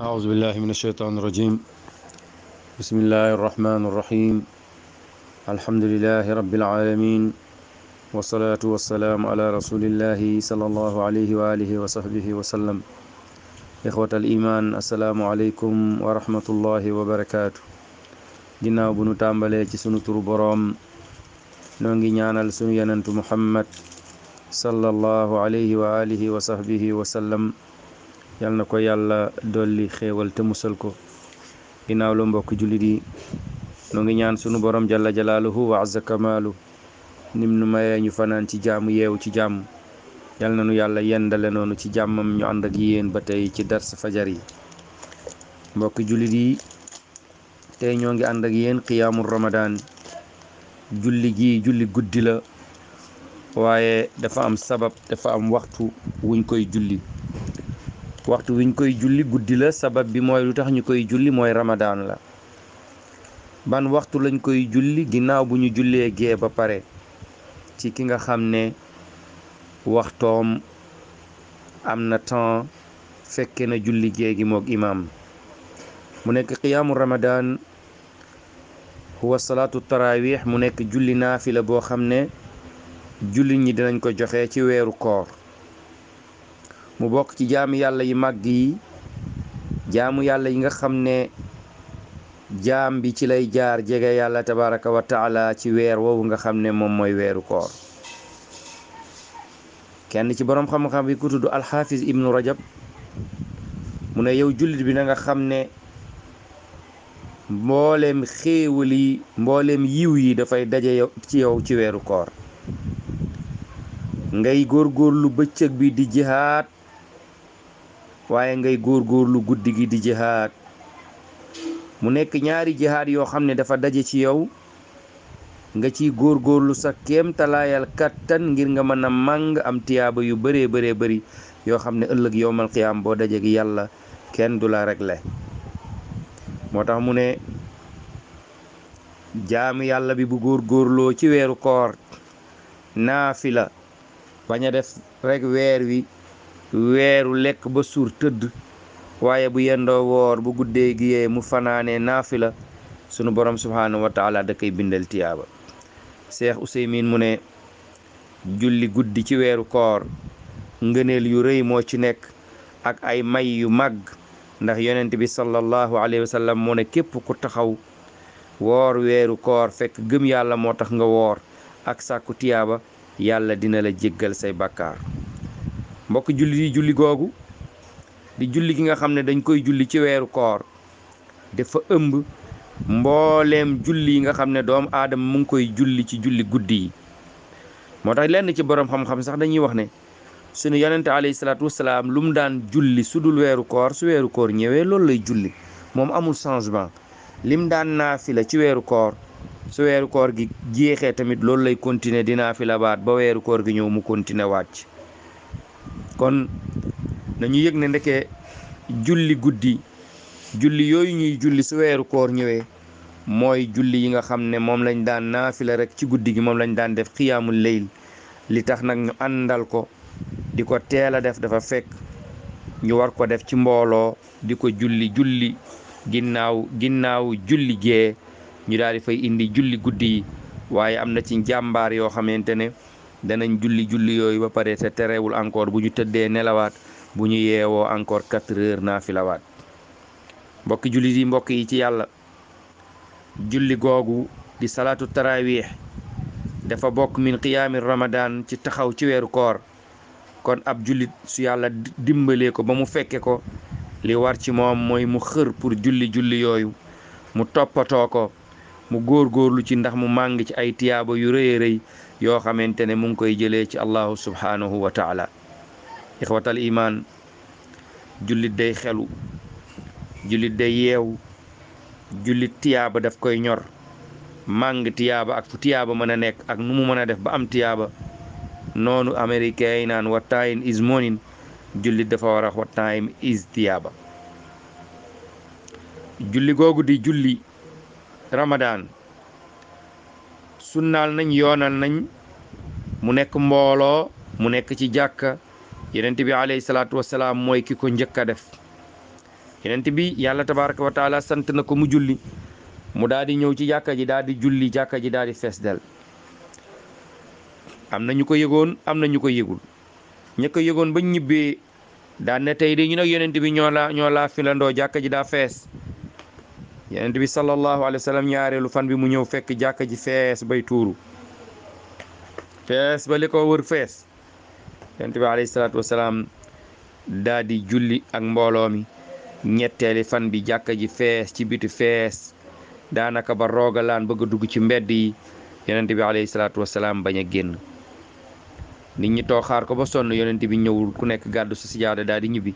أعوذ بالله من الشيطان الرجيم بسم الله الرحمن الرحيم الحمد لله رب العالمين والصلاة والسلام على رسول الله صلى الله عليه وآله وصحبه وسلم إخوة الإيمان السلام عليكم ورحمة الله وبركاته ginnaaw bu nu tàmbalee ci sunu turu boroom noo ngi ñaanal sunu yenentu muhammad sallallahu alayhi wa alihi wa sahbihi wa sallam yal na ko yàlla dolli xéewal te musal ko ginnaaw lu mbokk jullit yi nu ngi ñaan sunu borom jalla jalaaluhu wa azza kamaalu nim nu mayee ñu fanaan ci jàmm yeewu ci jàmm yal na nu yàlla yendale noonu ci jàmmam ñu ànd ak yéen ba tey ci dars fajar yi mbokk jullit yi tey ñoo ngi ànd ak yéen qiyaamul ramadaan julli gi julli guddi la waaye dafa am sabab dafa am waxtu wuñ koy julli waxtu wiñ koy julli guddi la sabab bi mooy lu tax ñu koy julli mooy ramadaan la ban waxtu lañ koy julli ginnaaw bu ñu jullee gee ba pare ci ki nga xam ne waxtoom am na temps fekke na julli gee gi moog imaam mu nekk qiyaamu ramadaan huwa salaatu taraawix mu nekk julli naa naafila boo xam ne julli ñi dinañ ko joxe ci weeru koor mu bokk ci jaam yàlla yi màgg yi jaamu yàlla yi nga xam ne jaam bi ci lay jaar jege yàlla tabaraka wa taala ci weer woowu nga xam ne moom mooy weeru koor kenn ci boroom xam-xam bi ku tudd alxaafis ibnu rajab mu ne yow jullit bi na nga xam ne mbooleem xéewal mbooleem yiw yi dafay daje ci yow ci weeru koor ngay góorgóorlu bëccëg bi di jihaat waaye ngay góor góorlu guddi gi di jihaad mu nekk ñaari jihaad yoo xam ne dafa daje ci yow nga ciy góorlu sa kem talaayal kattan ngir nga mën a màng am tiyaaba yu bëree bëree bari yoo xam ne ëllëg yowmal qiyaam boo daje yàlla kenn du la réglé moo tax mu ne jaam yàlla bi bu góor góorloo ci weeru koor la bañ a def rek weer wi weeru lekk ba suur tëdd waaye bu yendoo woor bu guddee gi yee mu fanaanee naafila sunu borom subhaanahu wa taala da bindal tiyaaba Cheikh Ouseymin mu ne julli guddi ci weeru koor ngëneel yu rëy moo ci nekk ak ay may yu màgg ndax yonent bi sallallahu alayhi wa moo ne képp ku taxaw woor weeru koor fekk gëm yàlla moo tax nga woor ak sàkku tiyaaba yàlla dina la jéggal say bàkkaar mbokk julli yi julli googu di julli ki nga xam ne dañ koy julli ci weeru koor dafa ëmb mbooleem julli yi nga xam ne doomu aadama mu ngi koy julli ci julli guddi yi moo tax lenn ci boroom xam-xam sax dañuy wax ne suñu yonente alayhi salaatu lu mu daan julli su dul weeru koor su weeru koor ñëwee loolu lay julli moom amul changement lim daan la ci weeru koor su weeru koor gi jeexee tamit loolu lay continuer di naafila baat ba weeru koor gi ñëw mu continuer wàcc kon nañu yëg ne ndeke julli guddi julli yooyu ñuy julli su weeru koor ñëwee mooy julli yi nga xam ne moom lañ daan naafila rek ci guddi gi moom lañ daan def xiyaamul leyl li tax nag ñu àndal ko di ko teel a def dafa fekk ñu war ko def ci mbooloo di ko julli julli ginnaaw ginnaaw julli gee ñu daal di fay indi julli guddi yi waaye am na ci njàmbaar yoo xamante ne danañ julli julli yooyu ba pare sa terewul encore bu ñu tëddee nelawaat bu ñu yeewoo encore naa fi lawaat mbokki julli di mbokk yi ci yàlla julli googu di salaatu taraawix dafa bokk min qiyaami ramadan ci taxaw ci weeru koor kon ab jullit su yàlla dimbalee ko ba mu fekkee ko li war ci moom mooy mu xër pour julli julli yooyu mu toppatoo ko mu góor góorlu ci ndax mu màng ci ay tiyaaba yu rëy yoo xamante ne mu ngi koy jëlee ci allahu subhaanahu wa taala ixwatal imaan jullit day xelu jullit day yeewu jullit tiyaaba daf koy ñor màng tiyaaba ak fu tiyaaba mën a nekk ak nu mu mën a def ba am tiyaaba noonu américain yi naan jullit dafa war a wax tiyaaba julli googu di julli ramadaan sunnaal nañ yoonal nañ mu nekk mbooloo mu nekk ci jàkka yenent bi alayhi salaatu wasalaam mooy ki ko njëkk a def yenent bi yàlla tabaraka sant na ko mu julli mu daal ñëw ci jàkka ji daal di julli jàkka ji daal di fees del am na ñu ko yëgoon am na ñu ko yëgul ña ko yëgoon ba ñibbee daan ne tey de ñu nag yenent bi ñoo laa ñoo filandoo jàkka ji daa fees yonent bi sallallahu alayhi wa sallam ñaareelu fan bi mu ñëw fekk jàkka ji fees bay tuuru fees ba li ko wër fees yonent bi alayhi salaam daldi julli ak mbooloo mi ñetteeli fan bi jàkka ji fees ci biti fees daanaka ba roogalaan bëgg a dugg ci mbedd yi yonent bi alayhi salaatu salaam bañ a génn nit ñi too xaar ko ba sonn yonent bi ñëwul ku nekk gàddu sa sijaada daa di ñibbi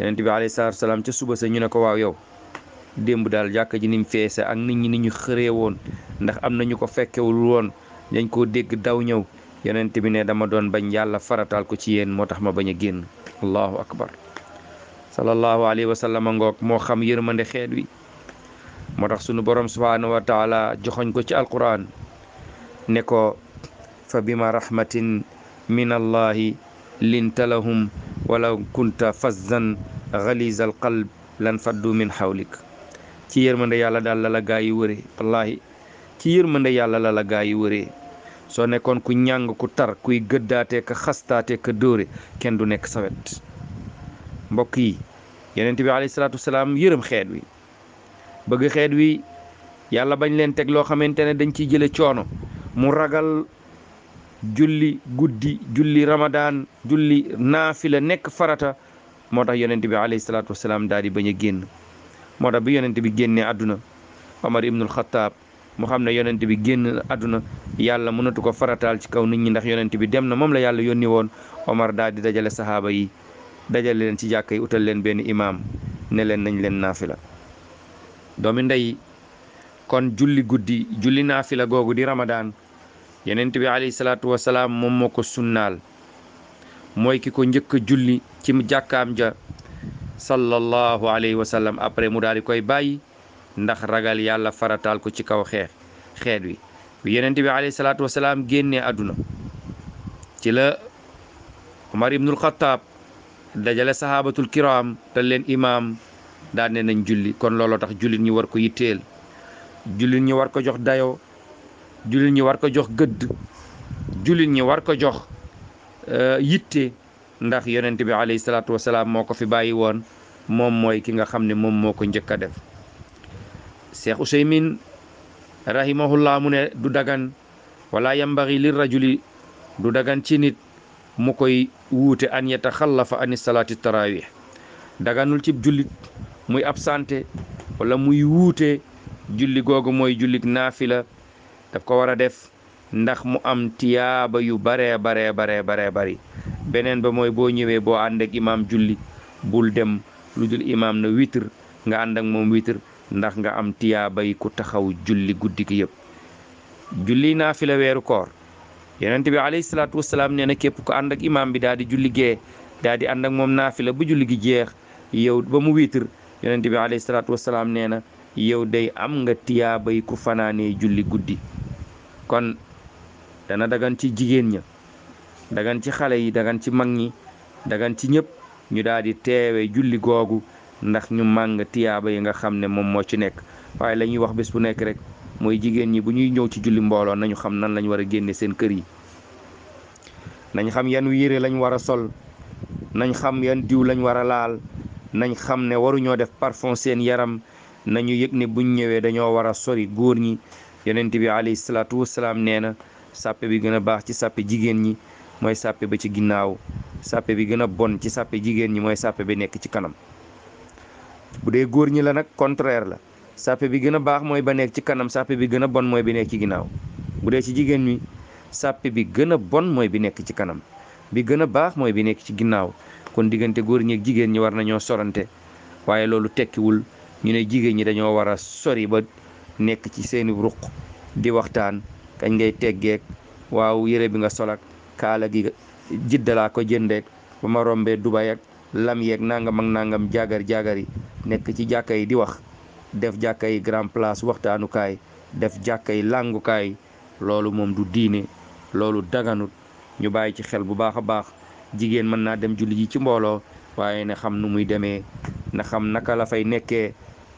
yonent bi alayhi salaatu salaam ca suba sa ñu ne ko waaw yow. démb daal jàkka ji ni mu feese ak nit ñi ni ñu xëree woon ndax am na ñu ko fekkewul woon dañ koo dégg daw ñëw yonent bi ne dama doon bañ yàlla farataal ko ci yéen moo tax ma bañ a génn allahu akbar sallallahu alayhi wa sallam ngoog moo xam yërmande xeet wi moo tax sunu borom subhaanahu wa taala joxoñ ko ci alquran ne ko fa bima rahmatin min allahi linta lahum walaw kunta fazzan galiza alqalb lan faddu min xawlik ci yërmande yàlla daal la la gaa yi wëree wallaahi ci yërmande yàlla la la gaa yi wëree soo nekkoon ku ñàng ku tar kuy gëddaatee ka xastaatee ka dóore kenn du nekk sawet mbokk yi yonent bi alayhi salaatu salaam yërëm xeet wi bëgg xeet wi yàlla bañ leen teg loo xamante ne dañ ciy jële coono mu ragal julli guddi julli ramadaan julli naafila nekk farata moo tax yonent bi aley salaatu wasalaam daal di bañ a génn moo tax bi yonent bi génnee àdduna Omar ibnul Xataab mu xam ne yonent bi génn àdduna yàlla mënatu ko farataal ci kaw nit ñi ndax yonent bi dem na moom la yàlla yónni woon Omar daal di dajale saxaaba yi dajale leen ci jàkk yi utal leen benn imaam ne leen nañ leen naafila doomi ndey kon julli guddi julli naafila googu di ramadaan yonent bi alayhi salaatu wasalaam moom moo ko sunnaal mooy ki ko njëkk a julli ci jàkkaam ja sallallahu alayhi wa sallam après mu daal di koy bàyyi ndax ragal yàlla faratal ko ci kaw xeex xeet wi bi yonent bi alayhi salaatu wa salaam génnee àdduna ci la Umar ibnul Xattaab dajale sahabatul kiram te leen imaam daan ne nañ julli kon looloo tax jullit ñi war ko yitteel jullit ñi war ko jox dayo jullit ñi war ko jox gëdd jullit ñi war ko jox euh, yitte. ndax yonent bi alayhi salaatu wasalaam moo ko fi bàyyi woon moom mooy ki nga xam ni moom moo ko njëkk a def Cheikh Ousaymin rahimahullah mu ne du dagan wala yambaxi li rajuli du dagan ci nit mu koy wuute an fa ani salaati tarawih daganul ci jullit muy ab absenté wala muy wuute julli googu mooy jullik la daf ko war a def ndax mu am tiyaaba yu baree baree baree baree bari beneen ba mooy boo ñëwee boo ànd ak imaam julli bul dem lu dul imaam na witir nga ànd ak moom witir ndax nga am tiyaabay ku taxaw julli guddi gi yëpp julli naa fi la weeru koor yonent bi alayhi salaatu nee na képp ku ànd ak imaam bi daal di julli gee daal ànd ak moom naafila bu julli gi jeex yow ba mu wiitir yonent bi alayhi salaatu nee na yow day am nga tiyaabay ku fanaanee julli guddi kon dana dagan ci jigéen ña dagan ci xale yi dagan ci mag ñi dagan ci ñëpp ñu daal di teewe julli googu ndax ñu màng tiyaaba yi nga xam ne moom moo ci nekk waaye lañuy wax bés bu nekk rek mooy jigéen ñi bu ñuy ñëw ci julli mbooloo nañu xam nan lañu war a génne seen kër yi nañu xam yan yére lañ war a sol nañ xam yan diw lañ war a laal nañ xam ne waruñoo def parfum seen yaram nañu yëg ne buñ ñëwee dañoo war a sori góor ñi yonent bi alayhi salaatu wasalaam nee na sàppe bi gën a baax ci sàppe jigéen ñi mooy sàppe ba ci ginnaaw sàppe bi gën a bon ci sàppe jigéen ñi mooy sàppe bi nekk ci kanam bu dee góor ñi la nag contraire la sàppe bi gën a baax mooy ba nekk ci kanam sàppe bi gën a bon mooy bi nekk ci ginnaaw bu dee ci jigéen ñi sàppe bi gën a bon mooy bi nekk ci kanam bi gën a baax mooy bi nekk ci ginnaaw kon diggante góor ñi ak jigéen ñi war nañoo sorante waaye loolu tekkiwul ñu ne jigéen ñi dañoo war a sori ba nekk ci seeni ruq di waxtaan kañ ngay teggeek waaw yére bi nga solak kaala gi jidda ko jëndeek ba ma rombee Dubai ak lam yeeg nangam ak nangam jaagar jaagar yi nekk ci jàkka yi di wax def jàkka yi grand place waxtaanukaay def jàkka yi làngukaay loolu moom du diine loolu daganut ñu bàyyi ci xel bu baax a baax jigéen mën naa dem julli ji ci mbooloo waaye na xam nu muy demee na xam naka la fay nekkee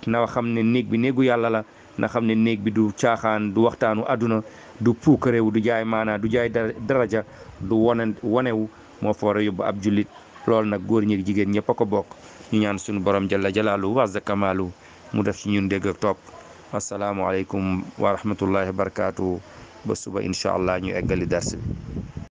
na xam ne néeg bi néegu yàlla la na xam ne néeg bi du caaxaan du waxtaanu àdduna du puukarewu du jaay maanaa du jaay daraja du wane wanewu moo fa war ba ab jullit lool nag góor ñi jigéen ñëpp a ko bokk ñu ñaan suñu borom jalla jalaalu wasa kamaalu mu def ci ñun dégg ak topp asalaamualeykum wa rahmatullahi wa barakaatu ba suba incha allah ñu eggali dars bi